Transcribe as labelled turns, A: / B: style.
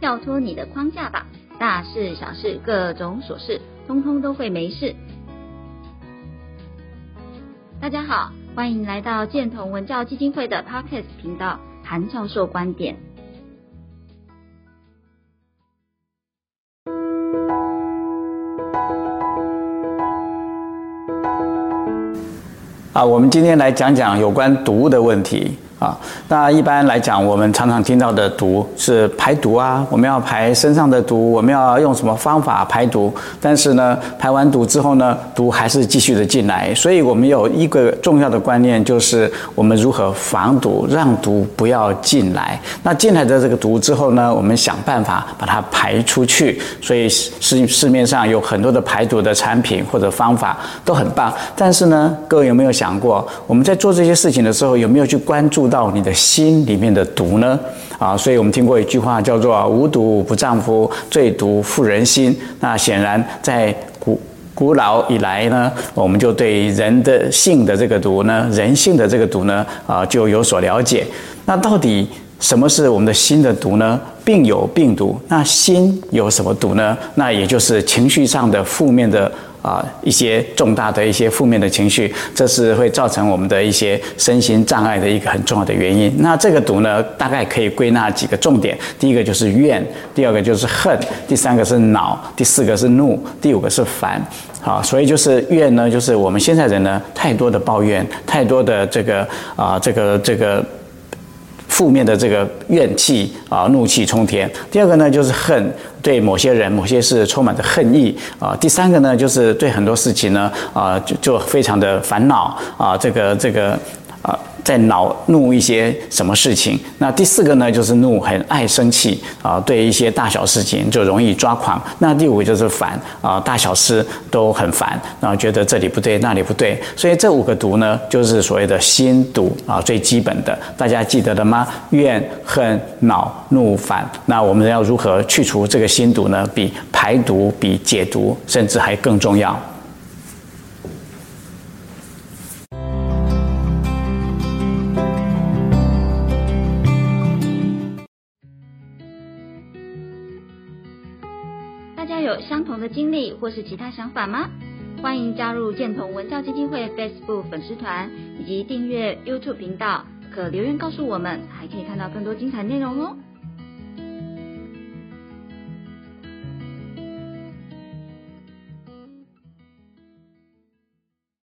A: 跳脫你的框架吧，大事小事各種瑣事，通通都會沒事。大家好，歡迎來到健同文教基金會的 Podcast 頻道，韓教授觀點。
B: 啊，我們今天來講講有關毒的問題。啊，那一般來講，我們常常聽到的毒是排毒啊，我們要排身上的毒，我們要用什麼方法排毒？但是呢，排完毒之後呢，毒還是繼續的進來，所以我們有一個重要的觀念，就是我們如何防毒，讓毒不要進來。那進來的這個毒之後呢，我們想辦法把它排出去。所以市市面上有很多的排毒的產品或者方法都很棒，但是呢，各位有沒有想過，我們在做這些事情的時候，有沒有去關注？到你的心裡面的毒呢？啊，所以我們聽過一句話叫做“無毒不丈夫，”最毒婦人心。那顯然在古古老以來呢，我們就對人的性的這個毒呢，人性的這個毒呢，啊，就有所了解。那到底什麼是我們的心的毒呢？病有病毒，那心有什麼毒呢？那也就是情緒上的負面的。啊，一些重大的一些負面的情緒，這是會造成我們的一些身心障礙的一個很重要的原因。那這個毒呢，大概可以歸納幾個重點：第一個就是怨，第二個就是恨，第三個是惱，第四個是怒，第五個是煩。好，所以就是怨呢，就是我們現在人呢，太多的抱怨，太多的這個啊、呃，這個這個。負面的這個怨氣啊，怒氣沖天。第二個呢，就是恨，對某些人、某些事充滿着恨意啊。第三個呢，就是對很多事情呢啊，就就非常的煩惱啊。這個這個。在惱怒一些什麼事情？那第四個呢，就是怒，很愛生氣啊，對一些大小事情就容易抓狂。那第五就是煩啊，大小事都很煩，然後啊，覺得這裡不對，那裡不對。所以這五個毒呢，就是所謂的心毒啊，最基本的，大家記得了嗎？怨、恨、惱、怒、怒、煩。那我們要如何去除這個心毒呢？比排毒、比解毒，甚至還更重要。
A: 大家有相同的經歷或是其他想法嗎？歡迎加入健同文教基金會 Facebook 粉絲團以及訂閱 YouTube 頻道，可留言告訴我們，還可以看到更多精彩內容哦。